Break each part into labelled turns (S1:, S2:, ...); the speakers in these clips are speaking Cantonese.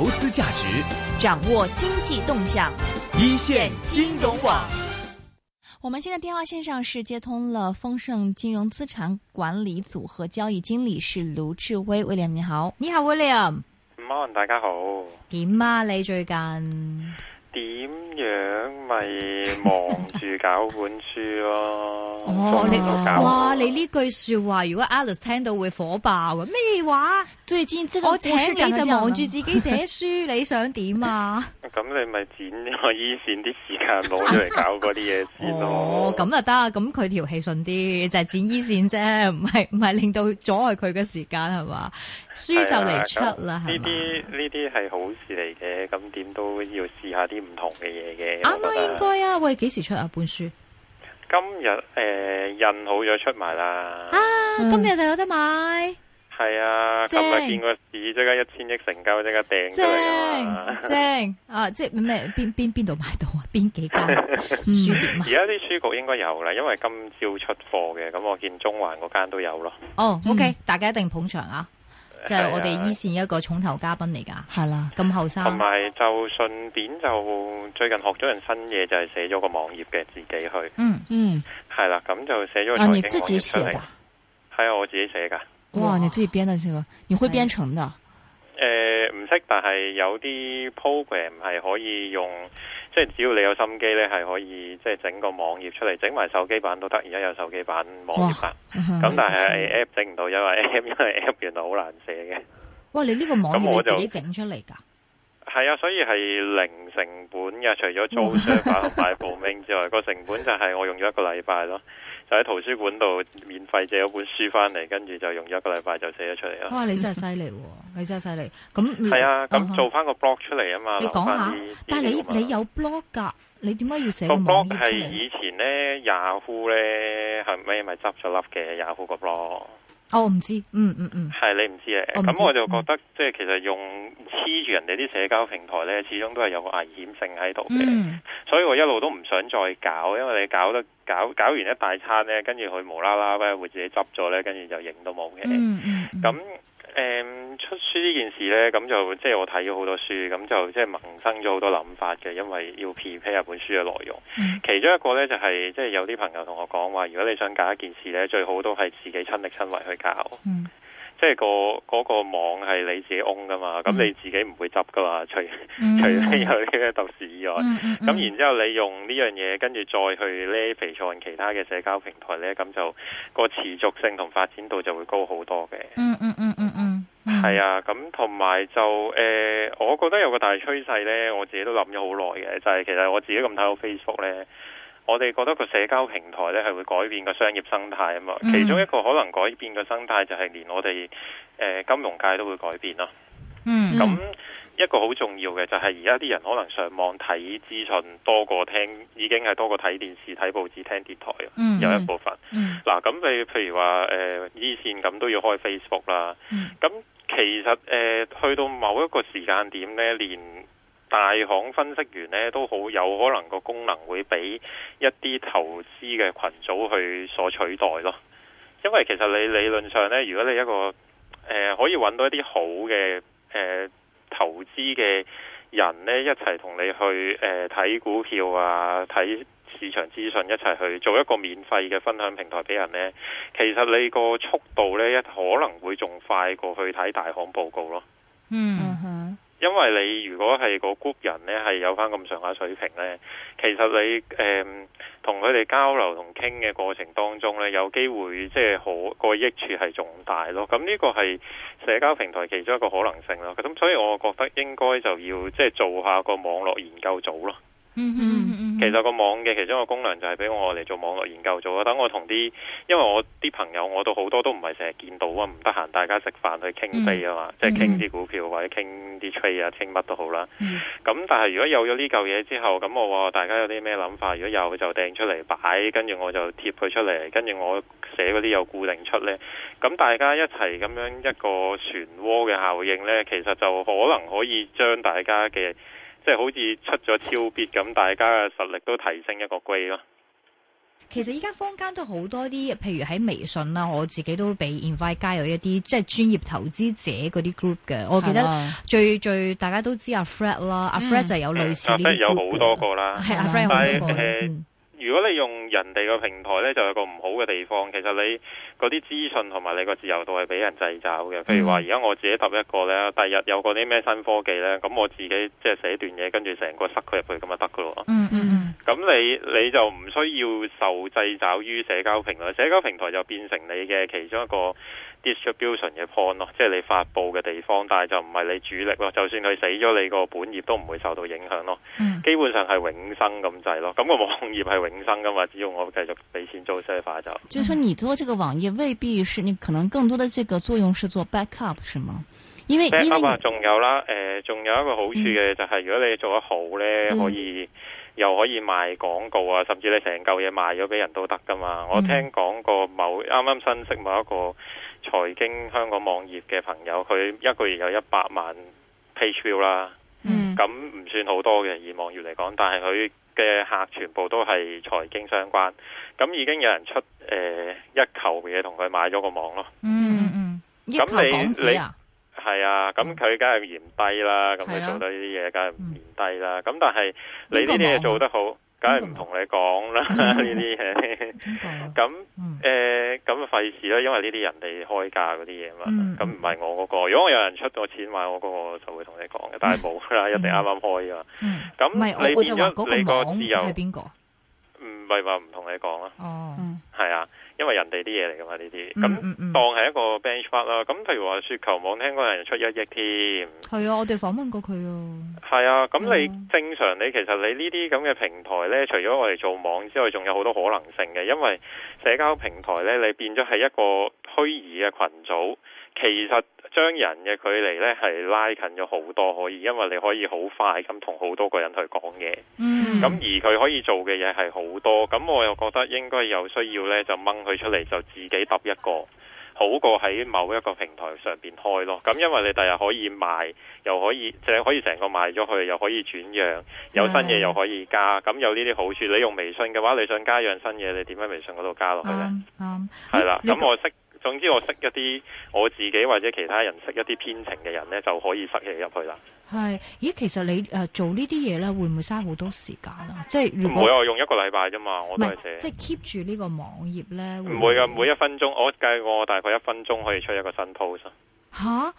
S1: 投資價值，掌握經濟動向，一線金融網。我們現在電話線上是接通了豐盛金融資產管理組合交易經理是盧志威，William 你好，你好 William，Morning
S2: 大家好，
S1: 點啊你最近？
S2: 點樣咪忙住搞本書咯？哇！
S3: 你呢句說話，如果 Alice 聽到會火爆啊！咩話？最賤即我請你就忙住自己寫書，你想點啊？
S2: 咁 你咪剪咗醫線啲時間攞出嚟搞嗰啲嘢先咯，啊。
S3: 哦，咁啊得啊！咁佢條氣順啲，就係、是、剪醫線啫，唔係唔係令到阻礙佢嘅時間係嘛？書就嚟出啦，呢
S2: 啲呢啲係好事嚟嘅，咁點都要試下啲。唔同嘅嘢嘅，啱啊、嗯，應該
S3: 啊，喂，幾時出啊？本書
S2: 今日誒、呃、印好咗出埋啦，啊，
S3: 嗯、今日就有得買，
S2: 係啊，正今日見個市，即刻一千億成交，即刻訂出嚟啊嘛，正,正
S3: 啊，即係咩？邊邊邊度買到啊？邊幾間
S2: 書店？而家啲書局應該有啦，因為今朝出貨嘅，咁我見中環嗰間都有咯。
S3: 哦、oh,，OK，、嗯、大家一定捧場啊！
S2: 就係我哋一
S3: 線一個重頭嘉賓嚟噶，係啦的，咁後生。同
S2: 埋就順便就最近學咗人新嘢，就係寫咗個網頁嘅，自己去。
S1: 嗯嗯，
S2: 係啦，咁就寫咗。啊，你自己寫噶？係啊，我自己寫噶。
S1: 哇，你自己編的這個，你會編程的？
S2: 誒的，唔識、呃，但係有啲 program 係可以用。即係只要你有心機咧，係可以即係整個網頁出嚟，整埋手機版都得。而家有手機版、網頁版，咁哇但係 app 整唔、嗯、到，因為 app 因為 app 原來好難寫嘅。
S3: 哇！你呢個網頁你自己整出嚟噶？
S2: 係啊，所以係零成本嘅，除咗租稅同埋報名之外，個 成本就係我用咗一個禮拜咯。就喺圖書館度免費借咗本書翻嚟，跟住就用咗一個禮拜就寫咗出嚟咯。哇！你真係犀利，
S3: 你真係犀利。咁係啊，咁
S2: 做翻個 blog 出嚟啊嘛。你講下，
S3: 但係你你有 blog 噶，你點解要寫個 blog 係
S2: 以前咧，Yahoo 咧，係咪咪執咗笠嘅 Yahoo 個 blog。
S3: 我唔、哦、知，嗯
S2: 嗯嗯，係、嗯、 你唔知啊？咁 我就覺得，即係其實用黐住人哋啲社交平台咧，始終都係有個危險性喺度嘅。所以我一路都唔想再搞，因為你搞得搞搞完一大餐咧，跟住佢無啦啦咧會自己執咗咧，跟住就影都冇嘅、嗯。嗯咁誒。嗯出書呢件事呢，咁就即係我睇咗好多書，咁就即係萌生咗好多諗法嘅。因為要匹配啊本書嘅內容，嗯、其中一個呢，就係、是、即係有啲朋友同我講話，如果你想搞一件事呢，最好都係自己親力親為去搞。
S4: 嗯、
S2: 即係、嗰個嗰、嗰個網係你自己 own 噶嘛，咁、嗯、你自己唔會執噶嘛，除、嗯、 除咗有啲特殊以外，咁、嗯嗯、然之後你用呢樣嘢，跟住再去呢肥創其他嘅社交平台呢，咁就嗰個持續性同發展度就會高好多嘅。嗯嗯係啊，咁同埋就誒、呃，我覺得有個大趨勢呢，我自己都諗咗好耐嘅，就係、是、其實我自己咁睇到 Facebook 呢，我哋覺得個社交平台呢係會改變個商業生態啊嘛。其中一個可能改變個生態，就係連我哋、呃、金融界都會改變咯。嗯，
S4: 咁那、嗯、
S2: 一個好重要嘅就係而家啲人可能上網睇資訊多過聽，已經係多過睇電視、睇報紙、聽電台，有一部分。嗱、嗯，咁、嗯、你譬如話誒、呃，依線咁都要開 Facebook 啦，咁。其實誒、呃、去到某一個時間點咧，連大行分析員咧都好有可能個功能會俾一啲投資嘅群組去所取代咯。因為其實你理論上咧，如果你一個誒、呃、可以揾到一啲好嘅誒、呃、投資嘅人咧，一齊同你去誒睇、呃、股票啊，睇。市場資訊一齊去做一個免費嘅分享平台俾人呢。其實你個速度呢，一可能會仲快過去睇大行報告咯。嗯哼、
S4: mm，hmm.
S2: 因為你如果係個 group 人呢，係有翻咁上下水平呢。其實你誒同佢哋交流同傾嘅過程當中呢，有機會即係可、個益處係仲大咯。咁呢個係社交平台其中一個可能性咯。咁所以我覺得應該就要即係做下個網絡研究組咯。嗯嗯嗯，其實個網嘅其中一個功能就係俾我嚟做網絡研究做啊。等我同啲，因為我啲朋友我都，嗯哼，都好多都唔係成日見到啊，唔得閒，大家食飯去傾飛啊嘛，即係傾啲股票或者傾啲 trade 啊，傾乜都好啦。咁但係如果有咗呢嚿嘢之後，咁我話大家有啲咩諗法，如果有就掟出嚟擺，跟住我就貼佢出嚟，跟住我寫嗰啲又固定出呢。咁大家一齊咁樣一個漩渦嘅效應呢，其實就可能可以將大家嘅。即係好似出咗超別咁，大家嘅實力都提升一個 grade 咯。
S3: 其實依家坊間都好多啲，譬如喺微信啦，我自己都畀 invite 加入一啲即係專業投資者嗰啲 group 嘅。我記得最嗎最，最大家都知阿 Fred 啦，嗯、阿 Fred 就有類似呢啲，
S2: 有好多個啦。係阿 Fred 好多個。但係、啊啊、如果你用人哋嘅平台咧，就有個唔好嘅地方，其實你。嗰啲資訊同埋你個自由度係俾人製造嘅，譬如話，而家我自己揼一個呢，第日有嗰啲咩新科技呢？咁我自己即係寫段嘢，跟住成個塞佢入去，咁就得噶咯。嗯嗯嗯，咁你你就唔需要受製造於社交平台，社交平台就變成你嘅其中一個 distribution 嘅 point 咯，即係你發布嘅地方，但係就唔係你主力咯。就算佢死咗，你個本業都唔會受到影響咯。嗯、基本上係永生咁滯咯。咁、那個網頁係永生噶嘛？只要我繼續俾錢做 server 就。嗯、就是
S1: 你做這個網頁未必是你可能更多的這個作用是做 backup 是嗎？因為因為
S2: 仲、啊、有啦，誒、呃，仲有一個好處嘅就係如果你做得好呢，嗯、可以又可以賣廣告啊，甚至你成嚿嘢賣咗俾人都得噶嘛。我聽講過某啱啱新識某一個。財經香港網頁嘅朋友，佢一個月有一百萬 page view 啦，嗯，咁唔算好多嘅，以網頁嚟講，但係佢嘅客全部都係財經相關，咁已經有人出誒、呃、一球嘢，同佢買咗個網咯，
S4: 嗯
S2: 嗯嗯，一球港紙啊，係啊，咁佢梗係嫌低啦，咁佢做到呢啲嘢梗係嫌低啦，咁、啊嗯、但係你呢啲嘢做得好。梗係唔同你講啦，呢啲嘢，咁誒，咁費事啦，因為呢啲人哋開價嗰啲嘢嘛，咁唔係我嗰、嗰個，如果我有人出咗錢買我嗰個，就會同你講嘅，但係冇啦，嗯、一定啱啱開㗎，咁、嗯嗯、你唔知嗰個自由。係
S3: 邊個？唔
S2: 係話唔同你講啦，係啊、嗯。嗯因為人哋啲嘢嚟㗎嘛呢啲，咁當係一個 bench 法啦。咁譬如話雪球網聽講有人出一億添，
S3: 係啊，我哋訪問過佢
S4: 啊。
S2: 係啊，咁你正常你其實你呢啲咁嘅平台呢，除咗我哋做網之外，仲有好多可能性嘅，因為社交平台呢，你變咗係一個虛擬嘅群組。其實將人嘅距離呢係拉近咗好多，可以因為你可以好快咁同好多個人去講嘢。嗯，咁而佢可以做嘅嘢係好多，咁我又覺得應該有需要呢，就掹佢出嚟，就自己揼一個，好過喺某一個平台上邊開咯。咁因為你第日可以賣，又可以淨係可以成個賣咗去，又可以轉讓，有新嘢又可以加，咁的有呢啲好處。你用微信嘅話，你想加樣新嘢，你點喺微信嗰度加落去呢？啱、嗯，
S4: 係、嗯、啦，咁我
S2: 識。總之我識一啲我自己或者其他人識一啲編程嘅人咧，就可以塞嘢入去啦。
S4: 係，
S3: 咦，其實你誒、呃、做呢啲嘢咧，會唔會嘥好多時間啊？即係唔會我
S2: 用一個禮拜啫嘛，我都係寫。即
S3: 係 keep 住呢個網頁咧，唔會噶，
S2: 每一分鐘我計過，我大概一分鐘可以出一個新 post
S3: 吓、啊？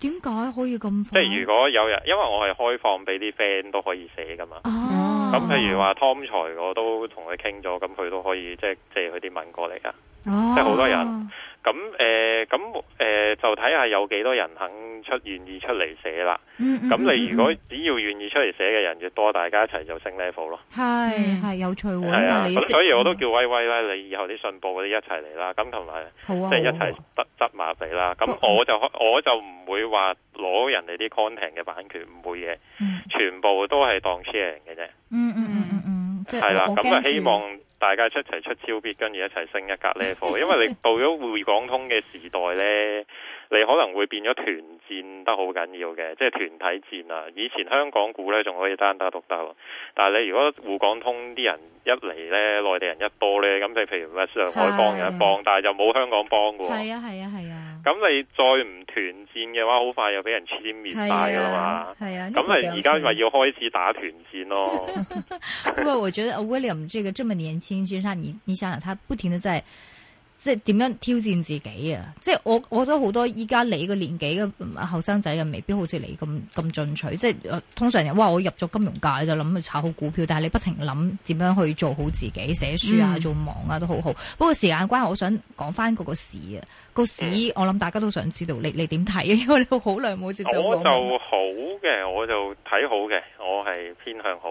S3: 點解可以咁快？即係如果
S2: 有人，因為我係開放俾啲 friend 都可以寫噶嘛。哦、啊。咁譬如話湯財，我都同佢傾咗，咁佢都可以即係借佢啲文過嚟噶。即係好多人，咁誒，咁誒就睇下有幾多人肯出願意出嚟寫啦。
S3: 咁你如果
S2: 只要願意出嚟寫嘅人越多，大家一齊就升 level 咯。
S3: 係，係有趣喎。啊，所以我
S2: 都叫威威啦，你以後啲信報嗰啲一齊嚟啦。咁同埋即係一齊得執埋嚟啦。咁我就我就唔會話攞人哋啲 content 嘅版權，唔會嘅，全部都係當 share 嘅啫。嗯嗯嗯嗯嗯，
S4: 係啦，咁啊希望。
S2: 大家出一齊出超必，跟住一齊升一格咧，因為你到咗滬港通嘅時代呢，你可能會變咗團戰得好緊要嘅，即係團體戰啊！以前香港股呢，仲可以單打獨鬥，但係你如果滬港通啲人一嚟呢，內地人一多呢，咁你譬如上海幫的有一幫，但係就冇香港幫嘅喎。係啊係啊係啊！咁你再唔團戰嘅話，好快又俾人殲滅晒㗎嘛。係啊，咁係而家咪要開始打團戰咯。不過，
S3: 我覺得 William 這個這麼年輕，其實他你你想想，他不停地在。即係點樣挑戰自己啊！即係我我覺得好多依家你個年紀嘅後生仔又未必好似你咁咁進取，即係通常人哇我入咗金融界就諗去炒好股票，但係你不停諗點樣去做好自己，寫書啊做網啊都好好。不過時間關係，我想講翻嗰個市啊，個市，嗯，我諗大家都想知道，你你點睇啊？因為你好耐冇接受我就
S2: 好嘅，我就睇好嘅，我係偏向好。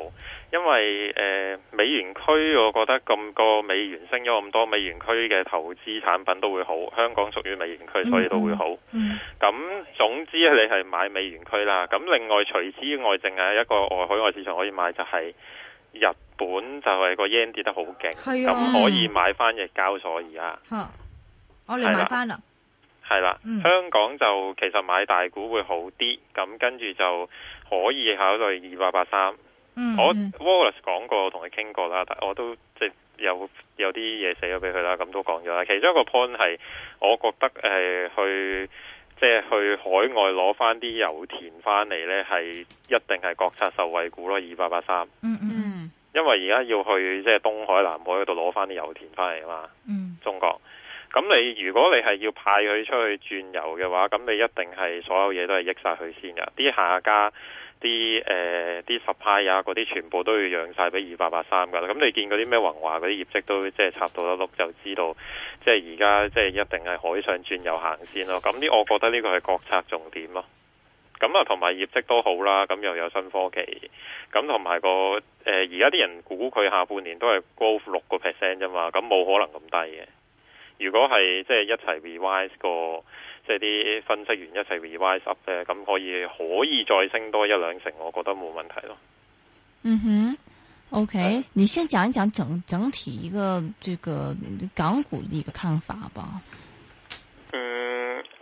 S2: 因為誒、呃、美元區，我覺得咁個美元升咗咁多，美元區嘅投資產品都會好。香港屬於美元區，所以都會好。咁、嗯嗯、總之你係買美元區啦。咁另外除此之外，淨係一個外海外市場可以買就係日本就，就係個 yen 跌得好勁，咁可以買翻隻交所而家、啊。
S3: 我嚟買翻啦。
S2: 係啦，嗯、香港就其實買大股會好啲，咁跟住就可以考慮二八八三。Mm hmm. 我 Wallace 講過，同佢傾過啦，但我都即係有有啲嘢寫咗俾佢啦，咁都講咗啦。其中一個 point 係我覺得誒、呃、去即係去海外攞翻啲油田翻嚟呢，係一定係國策受惠股咯，二八八三。嗯嗯、
S4: mm，hmm.
S2: 因為而家要去即係東海、南海嗰度攞翻啲油田翻嚟啊嘛。Mm hmm. 中國，咁你如果你係要派佢出去轉油嘅話，咁你一定係所有嘢都係益晒佢先㗎。啲下家。啲誒啲十派啊，嗰啲，呃、全部都要養晒俾二百八三噶啦。咁你見嗰啲咩宏華嗰啲業績都即係插到一碌，就知道即係而家即係一定係海上轉右行先咯。咁呢，我覺得呢個係國策重點咯。咁啊，同埋業績都好啦，咁又有新科技，咁同埋個誒而家啲人估佢下半年都係 growth 六個 percent 啫嘛，咁冇可能咁低嘅。如果係即係一齊 revise 個。即係啲分析員一齊 revise up 咧，咁可以可以再升多一兩成，我覺得冇問題咯。
S1: 嗯哼，OK， 你先講一講整整體一個、這個港股一個看法吧。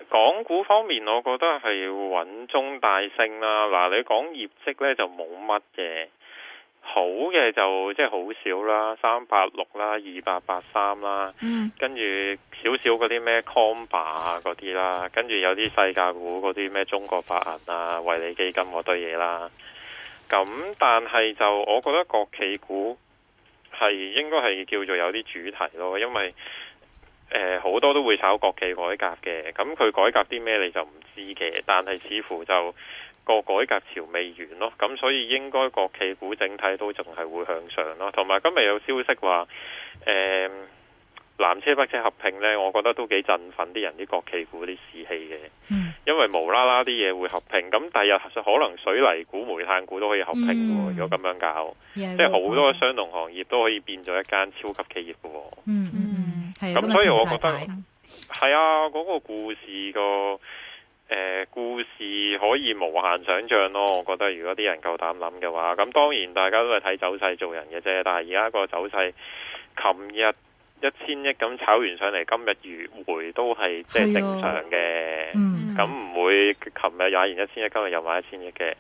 S2: 港股方面，我覺得係穩中大升啦。嗱，你講業績呢就冇乜嘅。好嘅就即係好少啦，三八六啦，二八八三啦，跟住少少嗰啲咩 Comba 啊嗰啲啦，跟住有啲世界股嗰啲咩中國白銀啊、為你基金嗰堆嘢啦。咁但係就我覺得國企股係應該係叫做有啲主題咯，因為誒好、呃、多都會炒國企改革嘅，咁佢改革啲咩你就唔知嘅，但係似乎就。個改革潮未完咯、哦，咁所以應該國企股整體都仲係會向上咯，同埋今日有消息話，誒南車北車合併呢，我覺得都幾振奮啲人啲國企股啲士氣嘅，嗯、因為無啦啦啲嘢會合併，咁第日可能水泥股、煤炭股都可以合併嘅，嗯、如果咁樣搞，即係好多相同行業都可以變咗一間超級企業嘅、嗯，嗯
S4: 咁所以我覺得
S2: 係啊，嗰、啊嗰個故事個。呃、故事可以無限想像咯，我覺得如果啲人夠膽諗嘅話，咁當然大家都係睇走勢做人嘅啫。但係而家個走勢，琴日一千億咁炒完上嚟，今日如回都係即係正常嘅、哦。嗯，咁唔會琴日踩完一千億，今日又買一千億嘅。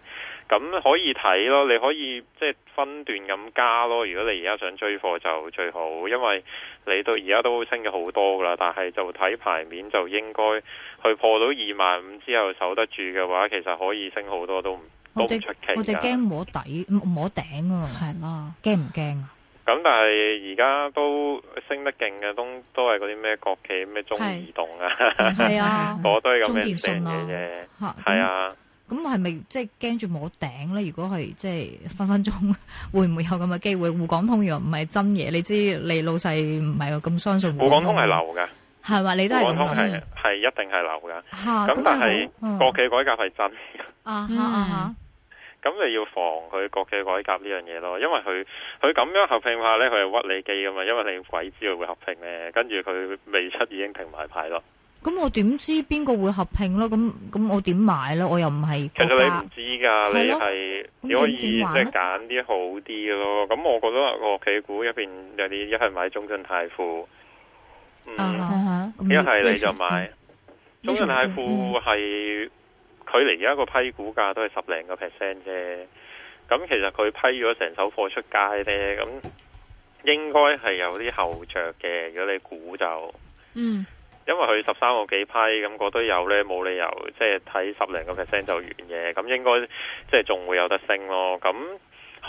S2: 咁可以睇咯，你可以即係分段咁加咯。如果你而家想追貨就最好，因為你到而家都升咗好多㗎啦。但係就睇牌面就應該去破到二萬五之後守得住嘅話，其實可以升好多都唔都唔出奇。我哋我哋驚
S3: 摸底摸頂啊，係咯的，驚唔驚啊？
S2: 咁但係而家都升得勁嘅，都都係嗰啲咩國企咩中移動啊，係啊，嗰堆咁嘅剩嘢啫，係啊。
S3: 咁我係咪即係驚住冇頂咧？如果係即係分分鐘，會唔會有咁嘅機會？滬港通又唔係真嘢，你知你老細唔係咁相信。滬港
S2: 通係流嘅，
S3: 係嘛？你都係滬港通係
S2: 係一定係流嘅。吓，咁，但係國企改革係真。
S4: 啊啊
S3: 啊！
S2: 咁你要防佢國企改革呢樣嘢咯，因為佢佢咁樣合併下咧，佢係屈你機噶嘛，因為你鬼知道會合併咩，跟住佢未出已經停埋牌咯。
S3: 咁我點知邊個會合併咯？咁咁我點買咧？我又唔係其實你唔知噶，你係
S2: 你可以即係揀啲好啲嘅咯。咁我覺得我國企股入邊有啲一係買中信泰富，嗯，一係、uh huh. 你就買、uh huh. 中信泰富係佢嚟，而家個批股價都係十零個 percent 啫。咁其實佢批咗成手貨出街咧，咁應該係有啲後着嘅。如果你估就嗯。因為佢十三個幾批咁，那個都有呢，冇理由即係睇十零個 percent 就完嘅，咁應該即係仲會有得升咯。咁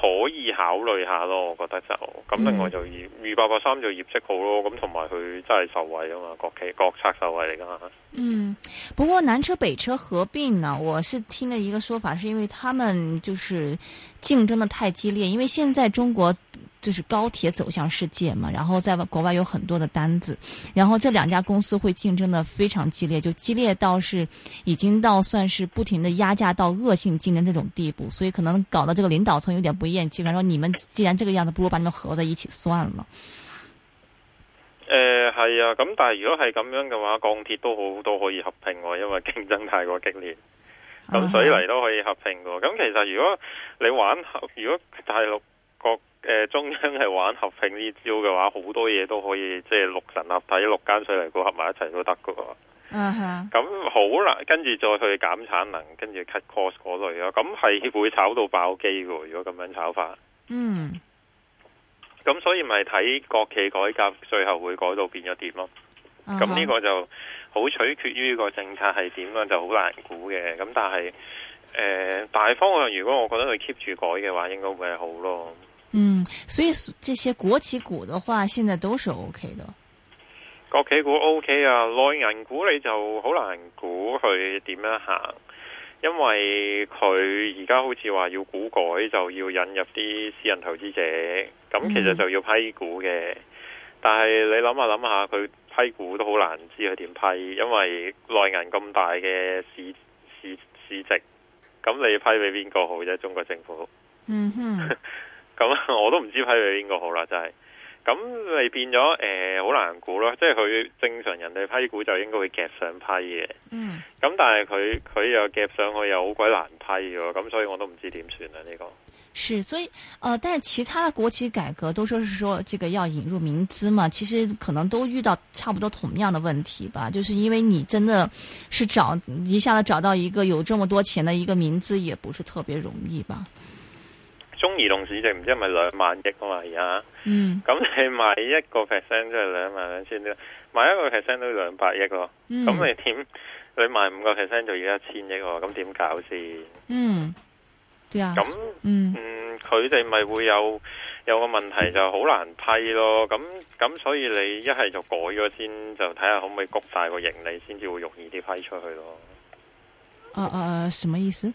S2: 可以考慮下咯，我覺得就咁另外就二、嗯、二八八三就業績好咯。咁同埋佢真係受惠啊嘛，國企國策受惠嚟噶嘛。嗯，
S1: 不過南車北車合併呢，我是聽了一個說法，是因為他們就是競爭得太激烈，因為現在中國。就是高鐵走向世界嘛，然後在國外有很多的單子，然後這兩家公司會競爭的非常激烈，就激烈到是已經到算是不停的壓價到惡性競爭這種地步，所以可能搞到這個領導層有點不厭棄，說你們既然這個樣子，不如把你們合在一起算了。
S2: 誒、呃，係啊，咁但係如果係咁樣嘅話，鋼鐵都好都可以合併喎，哦，因為競爭太過激烈，咁、
S4: 啊、水泥都
S2: 可以合併㗎，咁、啊、其實如果你玩，如果大陸國。誒中央係玩合併呢招嘅話，好多嘢都可以即係六神合體，六間水泥股合埋一齊都得嘅喎。咁好難，跟、huh. 住再去減產能，跟住 cut cost 嗰類咯。咁係會炒到爆機嘅，如果咁樣炒法，嗯、uh。咁、huh. 所以咪睇國企改革最後會改到變咗點咯？
S4: 咁呢、uh huh. 個
S2: 就好取決於個政策係點樣，就好難估嘅。咁但係誒、呃、大方向，如果我覺得佢 keep 住改嘅話，應該會係好咯。
S1: 嗯，所以這些國企股的話，現在都是 OK 的。
S2: 國企股 OK 啊，內銀股你就好難估佢點樣行，因為佢而家好似話要股改，就要引入啲私人投資者，咁其實就要批股嘅。嗯哼，但係你諗下諗下，佢批股都好難知佢點批，因為內銀咁大嘅市市市值，咁你批俾邊個好啫？中國政府，嗯
S4: 哼。
S2: 咁 我都唔知批到邊個應該好啦，真係咁你變咗誒，好、呃、難估咯。即係佢正常人哋批股就應該會夾上批嘅。嗯。咁但係佢佢又夾上去又好鬼難批嘅，咁所以我都唔知點算呀呢個。
S1: 是，所以，誒、呃，但係其他國企改革都說是說，這個要引入民資嘛，其實可能都遇到差不多同樣的問題吧。就是因為你真的是找一下子找到一個有這麼多錢的一個民資，也不是特別容易
S2: 吧。中移動市值唔知係咪兩萬億啊嘛，而家，咁、嗯、你買一個 percent 即係兩萬兩千啲，買一個 percent 都兩百億咯，咁、嗯、你點？你買五個 percent 就要一千億喎，咁點搞先？嗯，咁、啊，
S4: 咁嗯，
S2: 佢哋咪會有有個問題就好難批咯，咁，咁所以你一係就改咗先，就睇下可唔可以谷大個盈利，先至會容易啲批出去咯。
S1: 啊啊啊！什麼意思？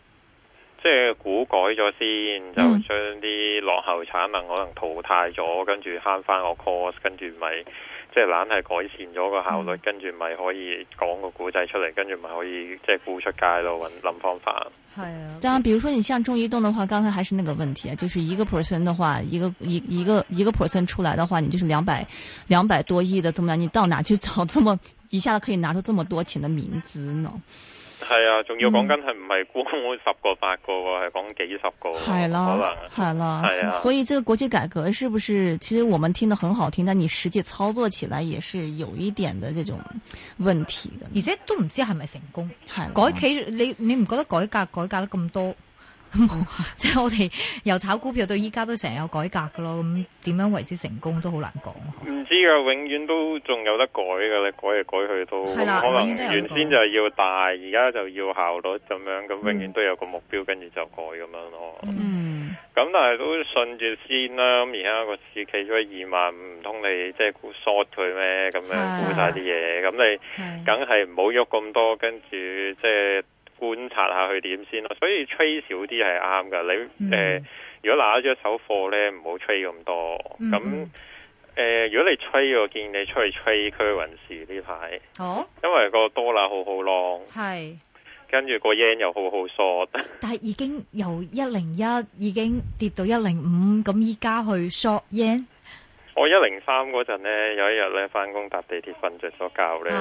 S2: 即係股改咗先，就將啲落後產能可能淘汰咗，嗯、跟住慳翻個 cost，跟住咪即係懶係改善咗個效率，嗯、跟住咪可以講個故仔出嚟，跟住咪可以即係沽出街咯，揾諗方法。
S1: 係啊，但係比如說你像中移動的話，剛才還是那個問題，就是一個 percent 的話，一個一一個一個,個 percent 出來的話，你就是兩百兩百多億的咁樣，你到哪去找這麼一下子可以拿出這麼多錢的民資呢？
S2: 係啊，仲、嗯、要講緊係唔係估十個八個喎，係講幾十個。係啦，係可能啦，係啊啦。所以這
S1: 個國企改革是不是，其實我們聽得很好聽，但你實際操作起來也是有一點的這種問題的，而且都唔知係咪成功。係啦改企，你
S3: 你唔覺得改革改革得咁多？ 即係我哋由炒股票到依家都成日有改革噶咯，咁點樣為之成功都好難
S2: 講。唔知啊，永遠都仲有得改噶咧，改嚟改去都的可能都原先就要大，而家就要效率咁樣，咁永遠都有個目標，嗯、跟住就改咁樣咯。嗯，咁但係都順住先啦。咁而家個市企咗二萬五，唔通你即係估 short 佢咩？咁樣估晒啲嘢，咁的、嗯、你梗係唔好喐咁多，跟住即係。即觀察下佢點先咯，所以吹少啲係啱嘅。你誒、嗯呃，如果拿咗一手貨咧，唔好吹咁多。咁誒、嗯嗯呃，如果你吹 r 我建議你出去吹 r a y 雲市呢排，好，哦、因為個多啦好好浪，係跟住個 yen 又好好 short，
S3: 但係已經由一零一已經跌到一零五，咁依家去 s h 索 yen。
S2: 我一零三嗰陣咧，有一日咧，翻工搭地鐵瞓、啊、著咗覺咧，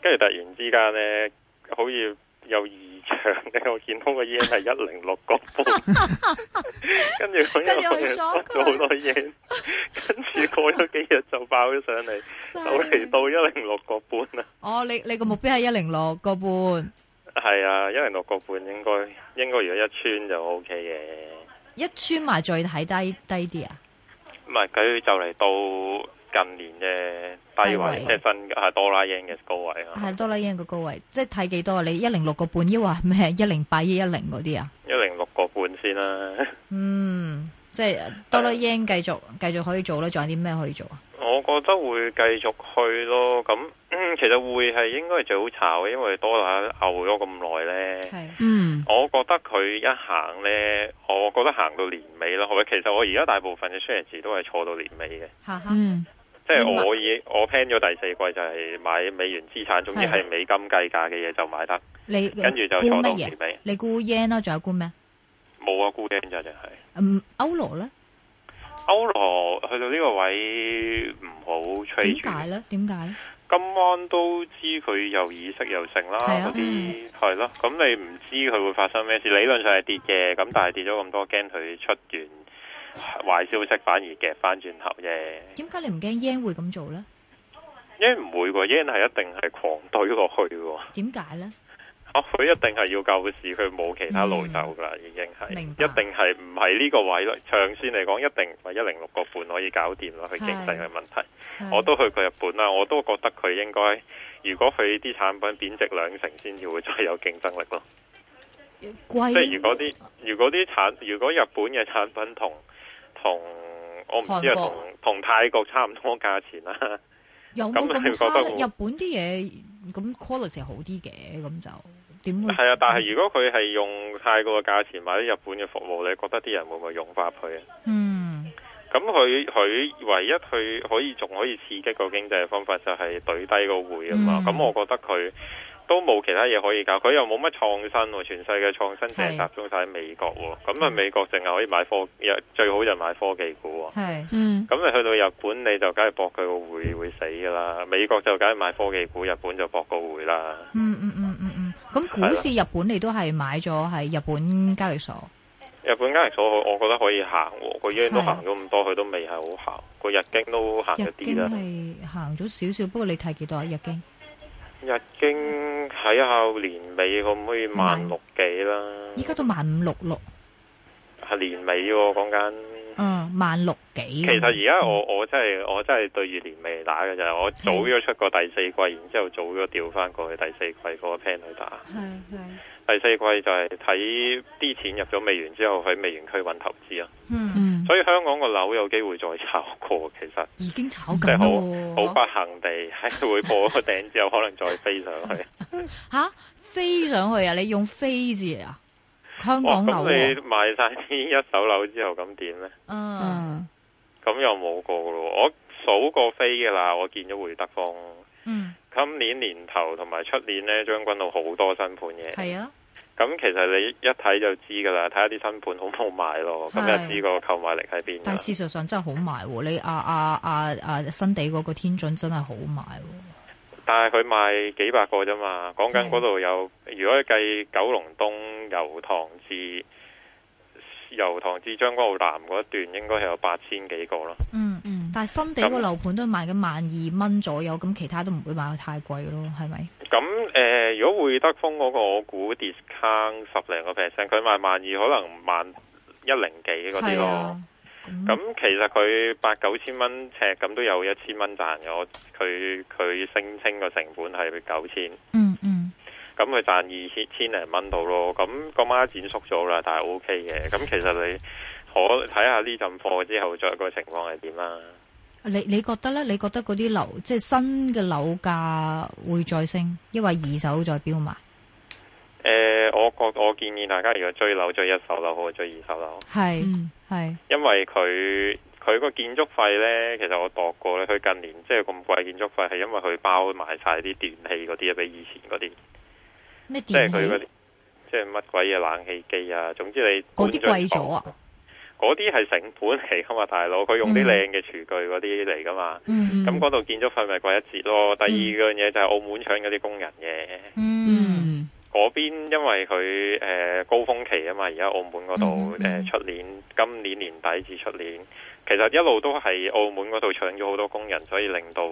S2: 跟住突然之間咧，好似……有異常嘅，我見到個煙係一零六個半， 跟住着佢又跌咗好多煙，跟住過咗幾日就爆咗上嚟， 就嚟到一零六個半
S3: 啦。哦，你你個目標係一零六個半，
S2: 係啊，一零六個半應該應該如果一穿就 O K 嘅，一
S3: 穿埋再睇低低啲啊。
S2: 唔係佢就嚟到。近年嘅低位即係分係多啦英嘅高位啊，係是
S3: 多啦英嘅高位，即係睇幾多啊？你一零六個半，抑或咩一零八一一零嗰啲啊？
S2: 一零六個半先啦。嗯，
S3: 即係多啦英繼續繼 續可以做咧，仲有啲咩可以做啊？
S2: 我覺得會繼續去咯。咁其實會係應該係最好炒，因為多啦牛咗咁耐咧。係是嗯，我覺得佢一行咧，我覺得行到年尾啦。喂，其實我而家大部分嘅 share 字都係坐到年尾嘅。吓吓、嗯。
S4: 嗯
S2: 即係我已經我 plan 咗第四季就係買美元資產，總之係美金計價嘅嘢就買得。
S3: 你跟住就做咩麼麼你沽 yen 咯，仲有沽咩？
S2: 冇啊，沽 yen 就淨係。啊啊、
S3: 嗯，歐羅咧？
S2: 歐羅去到呢個位唔好吹。點解
S3: 咧？點解？
S2: 今晚都知佢又意息又升啦，嗰啲係咯。咁些、嗯、你唔知佢會發生咩事？理論上係跌嘅，咁但係跌咗咁多，驚佢出完。壞消息反而夾翻轉頭啫。
S3: 點解你唔驚 yen 會咁做呢
S2: ？yen 唔會喎，yen 係一定係狂推落去。點解呢？佢、啊、一定係要救市，佢冇其他路走噶，嗯、已經係。白一定係唔係呢個位咧？長線嚟講，一定係一零六個半可以搞掂啦，佢競爭嘅問題。是我都去過日本啦，我都覺得佢應該，如果佢啲產品貶值兩成，先至會再有競爭力咯。
S3: 啊、即係如果
S2: 啲如果啲產如果日本嘅產品同。同我唔知啊，同同國泰國差唔多價錢啦。
S3: 有冇咁差咧？ 你覺得日本啲嘢咁 quality 好啲
S4: 嘅，咁就
S2: 點會？係啊，但係如果佢係用泰國嘅價錢買啲日本嘅服務，你覺得啲人會唔會融化佢啊？嗯，咁佢佢唯一佢可以仲可以刺激個經濟嘅方法就係、是、對低個匯啊嘛。咁、嗯、我覺得佢。都冇其他嘢可以搞，佢又冇乜創新喎。全世界創新淨係集中晒喺美國，咁啊的美國淨係可以買科，又最好就買科技股。係的，嗯。咁你去到日本你就梗係博佢個匯會死噶啦，美國就梗係買科技股，日本就博個匯啦。
S3: 嗯嗯嗯嗯嗯。咁、嗯嗯、股市日本的你都係買咗係日本交易所。
S2: 日本交易所我我覺得可以行，佢已經都行咗咁多，佢都未係好行。個日經都行一啲啦。日經係
S3: 行咗少少，不過你睇幾多啊？日經。
S2: 日經睇下年尾可唔可以萬六幾啦？依家
S3: 都萬五六六，
S2: 係年尾喎。講緊，嗯，
S3: 萬六幾。其實而
S2: 家我我真係我真係對住年尾嚟打嘅就係我早咗出過第四季，然之後早咗調翻過去第四季嗰個 plan 去打。係係第四季就係睇啲錢入咗美元之後喺美元區揾投資啊。嗯。所以香港個樓有機會再炒過，其實已經炒緊，好好不幸地喺、 哎、會破個頂之後，可能再飛上去。
S3: 吓、 啊，飛上去啊？你用飛字啊？香港樓、啊，你
S2: 賣晒啲一手樓之後，咁點呢？嗯，咁又冇過咯。我數過飛嘅啦，我見咗會德豐。嗯，今年年頭同埋出年呢，將軍澳好多新盤嘢。係啊。咁其實你一睇就知噶啦，睇下啲新盤好唔好賣咯，咁的就知個購買力喺邊。但係事實
S3: 上真係好賣喎、哦，你啊啊啊啊,啊新地嗰個天津真係好賣、哦。
S2: 但係佢賣幾百個啫嘛，講緊嗰度有，的如果計九龍東油塘至油塘至將軍澳南嗰一段，應該係有八千幾個啦。嗯。
S3: 但係新地個樓盤都賣緊萬二蚊左右，咁那其他都唔會賣得太貴咯，係咪？
S2: 咁誒、呃，如果匯德豐嗰、那個，我估 discount 十零個 percent，佢賣萬二，可能萬一零幾嗰啲咯。咁、啊嗯、其實佢八九千蚊尺，咁都有一千蚊賺嘅。佢佢聲稱個成本係九千。嗯嗯。咁佢賺二千千零蚊到咯。咁個孖展縮咗啦，但係 O K 嘅。咁其實你可睇下呢陣貨之後再個情況係點啦。
S3: 你你覺得呢？你覺得嗰啲樓即係新嘅樓價會再升，因為二手再飆嘛？
S2: 誒、呃，我覺我建議大家如果追樓，追一手樓好過追二手樓。
S4: 係是，係、嗯，
S2: 因為佢佢個建築費呢，其實我度過呢，佢近年即係咁貴建築費，係因為佢包埋晒啲電器嗰啲啊，比以前嗰啲
S4: 咩電器，
S2: 即係乜鬼嘢冷氣機啊，總之你嗰啲貴咗啊。嗰啲係成本嚟噶嘛，大佬佢用啲靚嘅廚具嗰啲嚟噶嘛，咁嗰度建築費咪貴一截咯。第二樣嘢就係澳門搶嗰啲工人嘅，嗰、嗯、邊因為佢誒、呃、高峰期啊嘛，而家澳門嗰度誒出年今年年底至出年，其實一路都係澳門嗰度搶咗好多工人，所以令到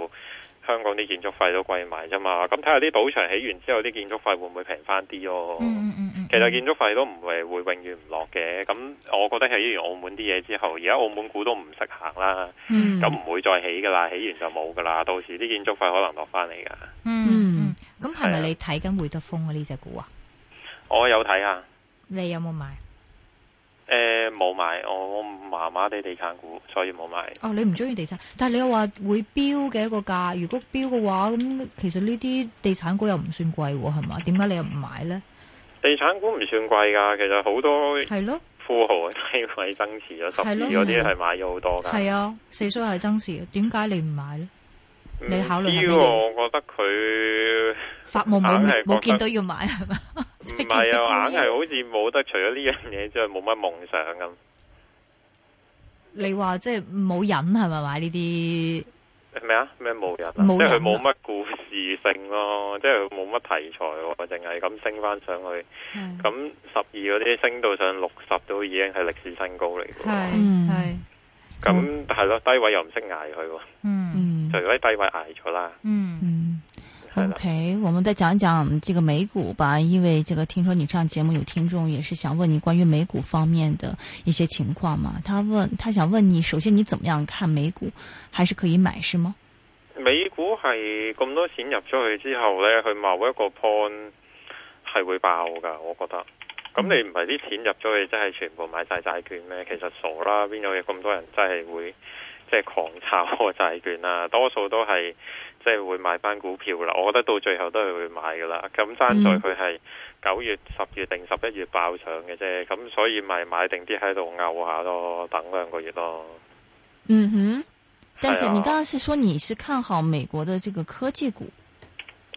S2: 香港啲建築費都貴埋啫嘛，咁睇下啲賭場起完之後啲建築費會唔會平翻啲哦？嗯嗯嗯、其實建築費都唔係會，會永遠唔落嘅，咁我覺得起完澳門啲嘢之後，而家澳門股都唔識行啦，咁唔、嗯、會再起噶啦，起完就冇噶啦，到時啲建築費可能落翻嚟噶。嗯
S3: 咁係咪你睇緊會德豐啊呢隻股啊？
S2: 我有睇啊。
S3: 你有冇買？
S2: 冇買，我我麻麻地地產股，所以冇
S3: 買。哦，你唔中意地產，但係你又話會標嘅一個價，如果標嘅話，咁其實呢啲地產股又唔算貴，係嘛？點解你又唔買咧？
S2: 地產股唔算貴噶，其實好多係咯，富豪低位 增持咗十的，有啲係買咗好
S3: 多噶。係啊，四叔係增持嘅，點解你唔買咧？知你考慮係咩嘢？我
S2: 覺得佢發夢冇冇見到
S3: 要買係咪？唔係啊，硬係好
S2: 似冇得除咗呢樣嘢之外，冇乜夢想咁。
S3: 你話即係冇人係咪嘛？買呢啲
S2: 咩啊？咩冇人？即係冇乜故事性咯，即係冇乜題材喎，淨係咁升翻上去。咁十二嗰啲升到上六十都已經係歷史新高嚟嘅。係咁係咯，低位又唔識捱佢。嗯，除咗喺低位捱咗啦。嗯。
S1: O.K. 我們再講一講這個美股吧，因為這個聽說你上節目有聽眾也是想問你關於美股方面的一些情況嘛？他問他想問你，首先你怎麼樣看美股，還是可以買是嗎？
S2: 美股係咁多錢入咗去之後呢，佢某一個 point 係會爆噶，我覺得。咁你唔係啲錢入咗去，真係全部買晒債券咩？其實傻啦，邊有咁多人真係會即係、就是、狂炒個債券啊？多數都係。即係會買翻股票啦，我覺得到最後都係會買噶啦。咁爭在佢係九月、十月定十一月爆上嘅啫，咁所以咪買定啲喺度拗下咯，等兩個月咯。
S1: 嗯哼，
S2: 但係你剛剛
S1: 是說你是看好美國的這個科技股？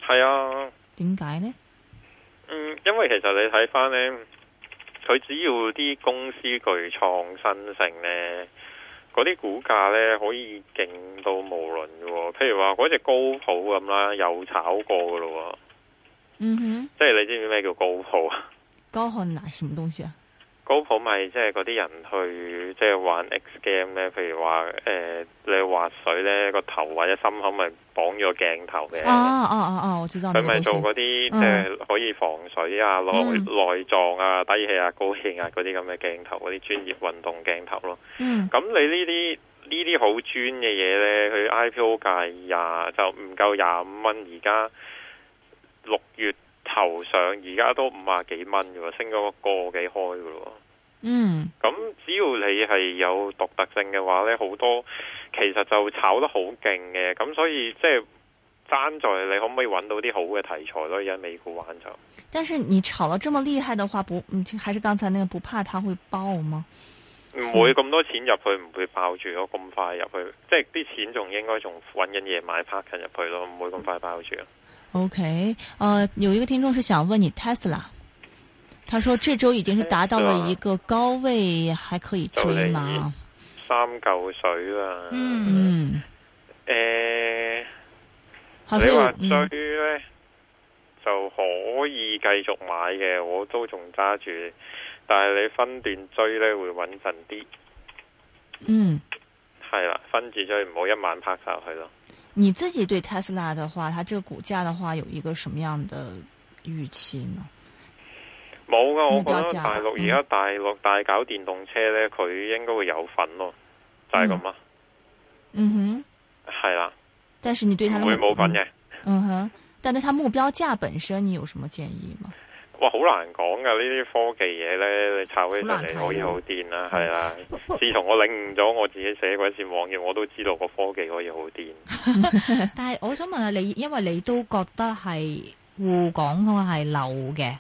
S2: 係啊。點解、啊、呢？嗯，因為其實你睇翻呢，佢只要啲公司具創新性呢。嗰啲股價咧，可以勁到無論嘅喎，譬如話嗰隻高普咁啦，有炒過嘅咯喎。嗯哼、
S1: mm，hmm.
S2: 即係你知唔知咩叫高普啊？
S1: 高普乃什麼東西啊？.
S2: 高普咪即係嗰啲人去即係玩 X game 咧，譬如話誒、呃、你滑水咧個頭或者心口咪綁咗鏡頭嘅，哦哦哦
S1: 哦，我知道佢咪做嗰
S2: 啲誒可以防水啊、內內臟啊、低氣啊、高氣啊嗰啲咁嘅鏡頭嗰啲專業運動鏡頭咯。嗯，咁你呢啲呢啲好專嘅嘢咧，佢 IPO 價廿就唔夠廿五蚊，而家六月。頭上而家都五啊幾蚊嘅喎，升咗個個幾開嘅咯。
S4: 嗯，
S2: 咁只要你係有獨特性嘅話咧，好多其實就炒得好勁嘅。咁所以即係爭在你可唔可以揾到啲好嘅題材咯，家美股玩就。
S1: 但是你炒得這麼厲害的話，不，嗯、還是剛才那個不怕它會爆嗎？
S2: 唔會咁多錢入去，唔會爆住咯。咁快入去，即係啲錢仲應該仲揾緊嘢買拍 a 入去咯，唔會咁快爆住。嗯
S1: OK，誒、uh，有一個聽眾是想問你 Tesla，他說：這周已經是達到了一個高位，Tesla 還可以追嗎？
S2: 三嚿水啊！嗯，嗯嗯，誒，你話追咧就可以繼續買嘅，我都仲揸住，但係你分段追咧會穩陣啲。
S1: 嗯，
S2: 係啦，分住追，唔好一晚拍晒入去咯。
S1: 你自己對 Tesla 的話，佢這個股價的話有一個什麼樣的預期呢？
S2: 冇㗎，我覺得大陸而家大陸大搞電動車咧，佢、嗯、應該會有份咯，就係、是、咁啊。
S1: 嗯哼，
S2: 係啦。
S1: 但是你對佢會冇份嘅。嗯哼，但對佢目標價本身，你有什麼建議嗎？
S2: 好難講噶，呢啲科技嘢咧，你炒起上嚟可以好癲啦，係啊，的 自從我領悟咗我自己寫鬼線網頁，我都知道個科技可以好癲。
S3: 但係我想問下你，因為你都覺得係滬港通係漏嘅，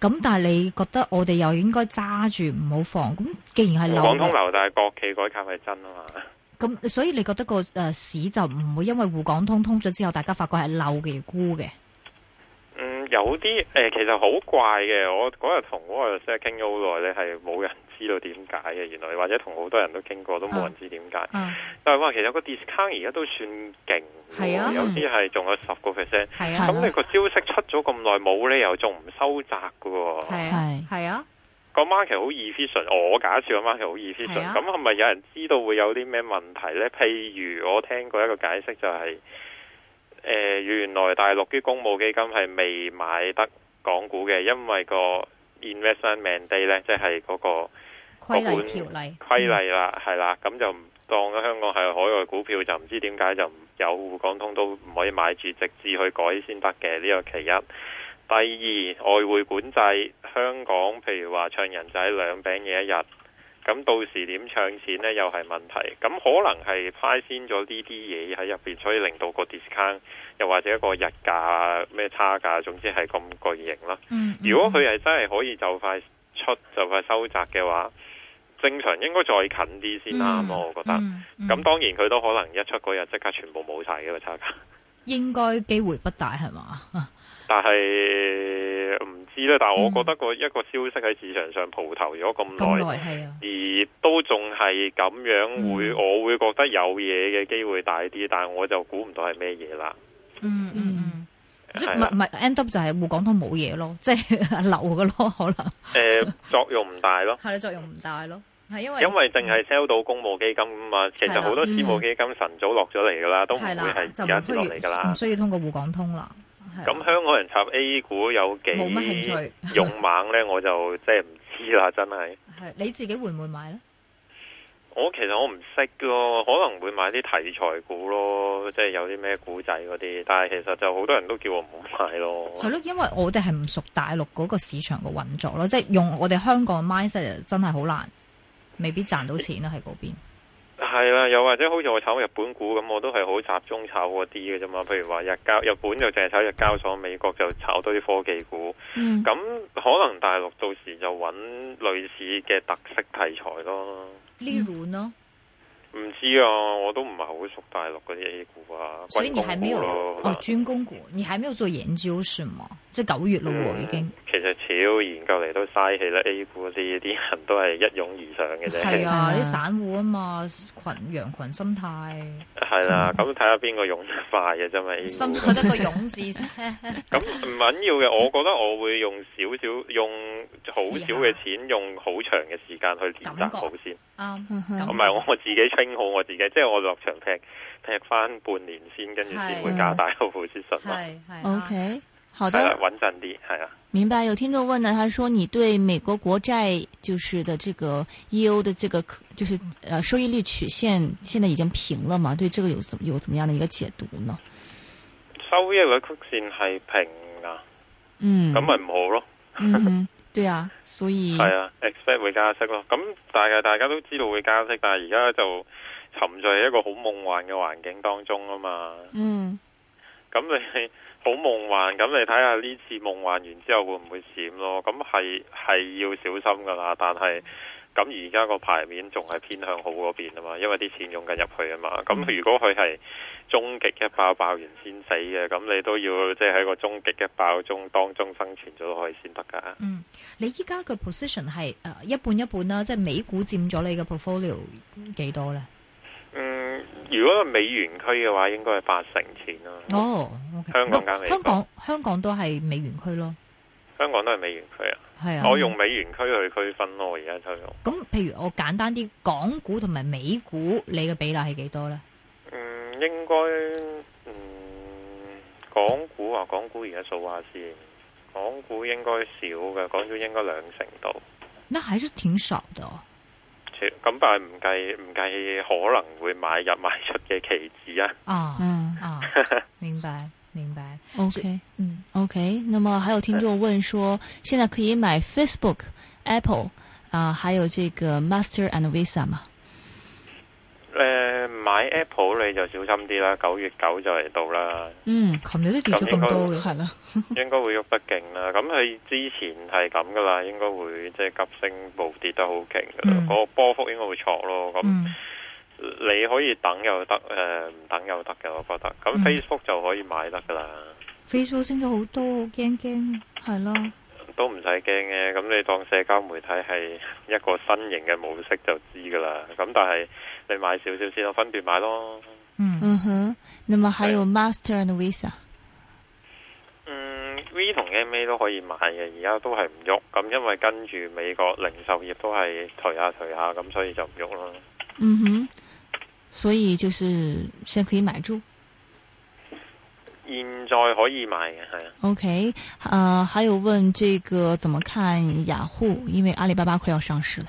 S3: 咁但係你覺得我哋又應該揸住唔好放？咁既然係滬港通漏，
S2: 但係國企改革係真啊嘛？
S3: 咁 所以你覺得個誒市就唔會因為滬港通通咗之後，大家發覺係漏嘅而沽嘅？
S2: 嗯，有啲誒、呃，其實好怪嘅。我嗰日同 Wall Street 傾咗好耐咧，係冇人知道點解嘅。原來或者同好多人都傾過，都冇人知點解。啊啊，但係話，其實個 discount 而家都算勁，
S4: 啊、有啲
S2: 係仲有十、嗯、個 percent。咁你個消息出咗咁耐，冇理由仲唔收窄噶。係係啊，個 market 好 efficient，我假設個 market 好 efficient，咁係咪、啊、有人知道會有啲咩問題咧？譬如我聽過一個解釋就係、是。誒、呃，原來大陸啲公募基金係未買得港股嘅，因為個 investment mandate 咧、那個，即係嗰個規例條例規例啦，係啦、嗯，咁就當咗香港係海外股票，就唔知點解就唔有滬港通都唔可以買住，直至去改先得嘅，呢個其一。第二，外匯管制，香港譬如話唱人仔兩餅嘢一日。咁到時點搶錢呢？又係問題，咁可能係派先咗呢啲嘢喺入邊，所以令到個 discount 又或者一個日價咩差價，總之係咁巨型啦。嗯嗯、如果佢係真係可以就快出就快收窄嘅話，正常應該再近啲先啱咯。嗯、我覺得，咁、嗯嗯、當然佢都可能一出嗰日即刻全部冇晒嘅個差價。
S3: 應該機會不大係嘛？
S2: 但係唔。嗯但係我覺得個一個消息喺市場上蒲頭咗咁耐，嗯、而都仲係咁樣會，會、嗯、我會覺得有嘢嘅機會大啲，但係我就估唔到係咩嘢啦。嗯嗯，唔
S3: 唔，end up 就係滬港通冇嘢咯，即係流嘅咯，可能。誒、呃，作用唔大
S2: 咯。係你 作用唔大咯，因為因為淨係 sell 到公募基金啊，的其實好多私募基金晨的、嗯、早落咗嚟噶啦，都唔會係而家落嚟噶啦，唔需
S3: 要通過滬港通啦。
S2: 咁香港人插 A 股有幾勇猛咧？我就即係唔知啦，真係係
S3: 你自己會唔會買咧？
S2: 我其實我唔識咯，可能會買啲題材股咯，即係有啲咩股仔嗰啲。但係其實就好多人都叫我唔好買咯。係咯，
S3: 因為我哋係唔熟大陸嗰個市場嘅運作咯，即係用我哋香港嘅 mindset 真係好難，未必賺到錢啦喺嗰邊。
S2: 係啦，又或者好似我炒日本股咁，我都係好集中炒嗰啲嘅啫嘛。譬如話日交日本就淨係炒日交所，美國就炒多啲科技股。咁、嗯、可能大陸到時就揾類似嘅特色題材咯。
S3: 例如呢？唔
S2: 知啊，我都唔係好熟大陸嗰啲 A 股啊，所以你還沒有哦軍工股、哦
S3: 軍工，你還沒有做研究是嗎？即係九月咯喎，嗯、已經
S2: 其實超研究嚟都嘥氣啦！A 股啲啲人都係一擁而上嘅啫，係啊！啲
S3: 散戶啊嘛，群羊群心態
S2: 係啦，咁睇下邊個用得快嘅真嘛，心態得個勇
S4: 字啫。
S2: 咁唔緊要嘅，我覺得我會用少少，用好少嘅錢，用好長嘅時間去累積好先。啱，唔係我自己稱好我自己，即係我落場劈劈翻半年先，跟住先會加大投資率。係，係，O K。Okay. 好的，穩陣啲係啊。
S1: 明白，有聽眾問呢，他說：你對美國國債就是的這個 E.O. 的這個，就是，呃，收益率曲線現在已經平了嗎？對這個有怎有怎麼樣的一個解讀呢？
S2: 收益率曲線係平噶，嗯，
S1: 咁咪唔好咯。嗯， 嗯，對啊，所以
S2: 係啊，expect 會加息咯。咁大家大家都知道會加息，但係而家就沉醉喺一個好夢幻嘅環境當中啊嘛。
S4: 嗯，
S2: 咁你、嗯。好夢幻，咁你睇下呢次夢幻完之後會唔會閃咯？咁係係要小心噶啦。但係咁而家個牌面仲係偏向好嗰邊啊嘛，因為啲錢用緊入去啊嘛。咁如果佢係終極一爆爆完先死嘅，咁你都要即係喺個終極一爆中當中生存咗落去先得噶。嗯，
S3: 你依家個 position 係誒一半一半啦，即係美股佔咗你嘅 portfolio 幾多呢？
S2: 如果係美元區嘅話，應該係八成錢咯。哦、oh, okay.，香港香港
S3: 香港都係美元區咯。
S2: 香港都係美元區啊，係啊。我用美元區去區分咯，而家就用、是。咁，
S3: 譬如我簡單啲，港股同埋美股，你嘅比例係幾多咧？
S2: 嗯，應該嗯，港股啊，港股而家數下先，港股應該少嘅，港股應該兩成度。
S3: 那還是挺傻的。
S2: 咁但係唔計唔計可能會買入賣出嘅棋子啊。哦，嗯，哦，
S1: 明白明白。OK，嗯，OK。Okay, 那麼，還有聽眾問說，現在可以買 Facebook、Apple 啊、呃，還有這個 Master and Visa 嗎？
S2: 誒、呃，買 Apple 你就小心啲啦。九月九就嚟到啦。
S1: 嗯，琴日都跌咗咁多嘅，係 啦，啦。
S2: 應該會喐得勁啦。咁佢之前係咁噶啦，應該會即係急升暴跌得好勁嘅。嗰個波幅應該會錯咯。咁你可以等又得，誒唔、嗯呃、等又得嘅。我覺得咁 Facebook、嗯、就可以買得噶啦。
S3: Facebook 升咗好多，好驚驚
S4: 係咯。
S2: 都唔使驚嘅，咁你當社交媒體係一個新型嘅模式就知噶啦。咁但係你買少少先咯，我分段買咯。嗯
S1: 哼，那麼還有 Master and Visa。嗯
S2: ，V 同 MA 都可以買嘅，而家都係唔喐。咁因為跟住美國零售業都係頹下頹下，咁所以就唔喐啦。嗯
S1: 哼，所以就是先可以買住。
S2: 現在可以買嘅係啊
S1: ，OK，誒、uh,，還有問這個怎麼看雅虎？因為阿里巴巴快要上市啦。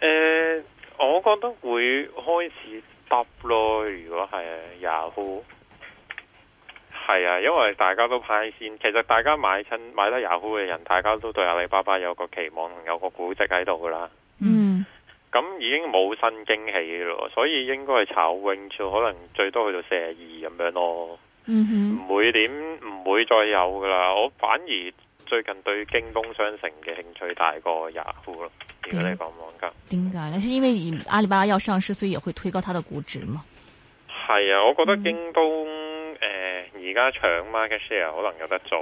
S2: 誒、呃，我覺得會開始跌咯。如果係雅虎係啊，因為大家都派先，其實大家買親買得雅虎嘅人，大家都對阿里巴巴有個期望，有個估值喺度噶啦。嗯，咁已經冇新驚喜咯，所以應該係炒 Went 永久，可能最多去到四十二咁樣咯。唔會、嗯、點唔會再有噶啦，我反而最近對京東商城嘅興趣大過 Yahoo 咯。如果你咁講，
S1: 點解、嗯？呢？因為阿里巴巴要上市，所以也會推高它的估值嘛？
S2: 係啊，我覺得京東誒而家搶 market share 可能有得做，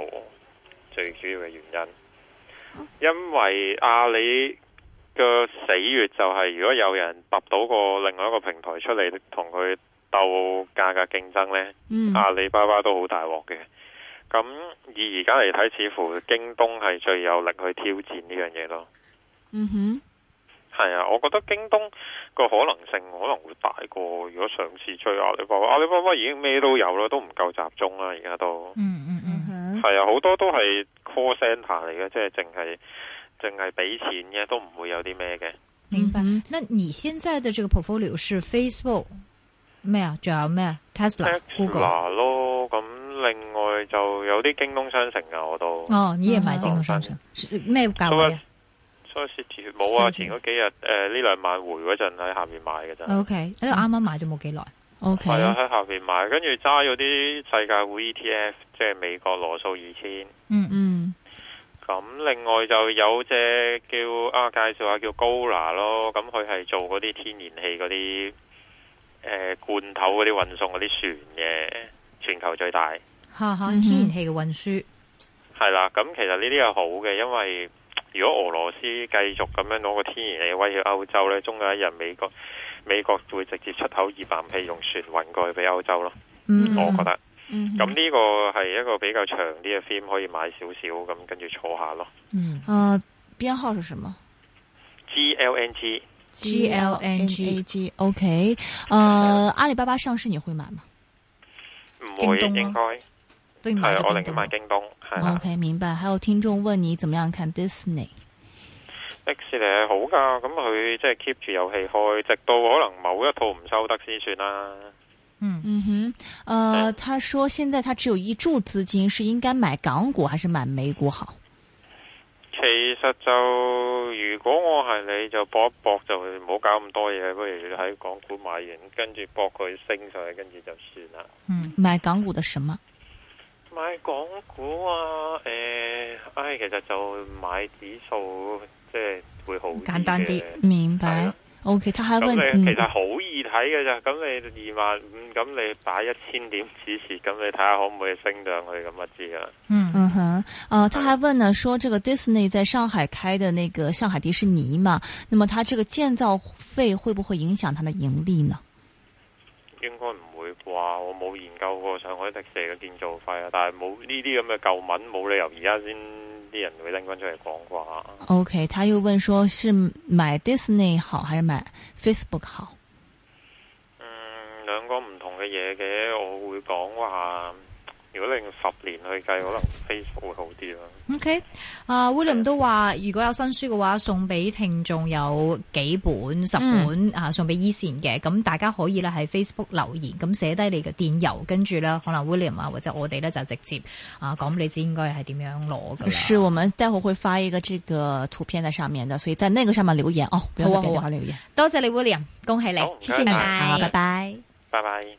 S2: 最主要嘅原因，因為阿里嘅死穴就係如果有人揼到個另外一個平台出嚟同佢。就價格競爭呢，
S4: 嗯、阿
S2: 里巴巴都好大鑊嘅。咁以而家嚟睇，似乎京東係最有力去挑戰呢樣嘢咯。嗯哼，係啊，我覺得京東個可能性可能會大過。如果上次追阿里巴巴，阿里巴巴已經咩都有啦，都唔夠集中啦。而家都，嗯嗯嗯，係、嗯、啊，好多都係 call center 嚟嘅，即係淨係淨係俾錢嘅，都唔會有啲咩嘅。
S3: 明白。那你現在的這個 portfolio 是 Facebook。咩啊？仲有咩啊？Tesla、Google
S2: 咯，咁另外就有啲京東商城啊，我都哦，你又買京東
S3: 商城咩價、嗯、位啊
S2: 所？所以是冇啊！前嗰幾日誒呢兩晚回嗰陣喺下面買
S3: 嘅咋。O K，度啱啱買咗冇幾耐？O K，係啊，
S2: 喺下邊買，跟住揸咗啲世界股 E T F，即係美國羅素二千、嗯。嗯嗯，咁另外就有隻叫啊，介紹下叫 g 高拿咯，咁佢係做嗰啲天然氣嗰啲。誒、呃，罐頭嗰啲運送嗰啲船嘅全球最大
S3: 吓吓，天然氣嘅運輸
S2: 係啦，咁、 嗯嗯、其實呢啲係好嘅，因為如果俄羅斯繼續咁樣攞個天然氣威脅歐洲咧，終有一日、美國、美國會直接出口液氮氣用船運過去俾歐洲咯。嗯、我覺得，嗯，咁呢個係一個比較長啲嘅 film，可以買少少咁跟住坐下咯。嗯，
S1: 啊、呃，編號是什麼
S2: g l n t
S1: G L N、A、G G，OK，誒，阿里巴巴上市你會買
S2: 嗎？唔會，啊、應該係啊，對是我寧願買京東。OK，
S1: 明白。還有聽眾問你怎麼樣看 Disney？
S2: 迪士尼係好㗎，咁佢即係 keep 住有戲開，直到可能某一套唔收得先算啦、
S1: 啊。嗯嗯哼，誒、uh,，他說現在他只有一注資金，是應該買港股還是買美股好？語
S2: 其實就如果我係你就搏一搏就唔好搞咁多嘢，不如你喺港股買完，跟住搏佢升上去，跟住就算啦。嗯，
S1: 買港股嘅什麼？
S2: 買港股啊？誒、欸，哎，其實就買指數，即係會好簡單啲，明
S1: 白？O K，睇下。咁、啊 okay, 你其實好易
S2: 睇嘅咋？咁你二萬五，咁你擺一千點支持，咁你睇下可唔可以升上去咁啊？就知啦。嗯嗯。
S1: 呃，他還問呢，說這個 Disney 在上海開的那個上海迪士尼嘛，那麼他這個建造費會不會影響他的盈利呢？
S2: 應該唔會啩，我冇研究過上海迪士尼嘅建造費啊，但係冇呢啲咁嘅舊聞，冇理由而家先啲人會拎翻出嚟講啩。
S1: OK，他又問說，是買 Disney 好還是買 Facebook 好？
S2: 嗯，兩個唔同嘅嘢嘅，我會講話。如果你用
S3: 十年去計，可能 Facebook 會好啲啦。OK，阿、uh, William 都話，如果有新書嘅話，送俾聽眾有幾本、十本、嗯、啊，送俾依線嘅，咁、嗯、大家可以咧喺 Facebook 留言，咁寫低你嘅電郵，跟住咧可能 William 啊或者我哋咧就直接啊講俾你知應該係點樣
S1: 攞噶啦。是我們待會會發一個這個圖片喺上面的，所以在那個上面留言哦，不要留言。哦多，啊啊啊、多謝你 William，恭喜你，謝謝你，好，拜拜，拜
S3: 拜。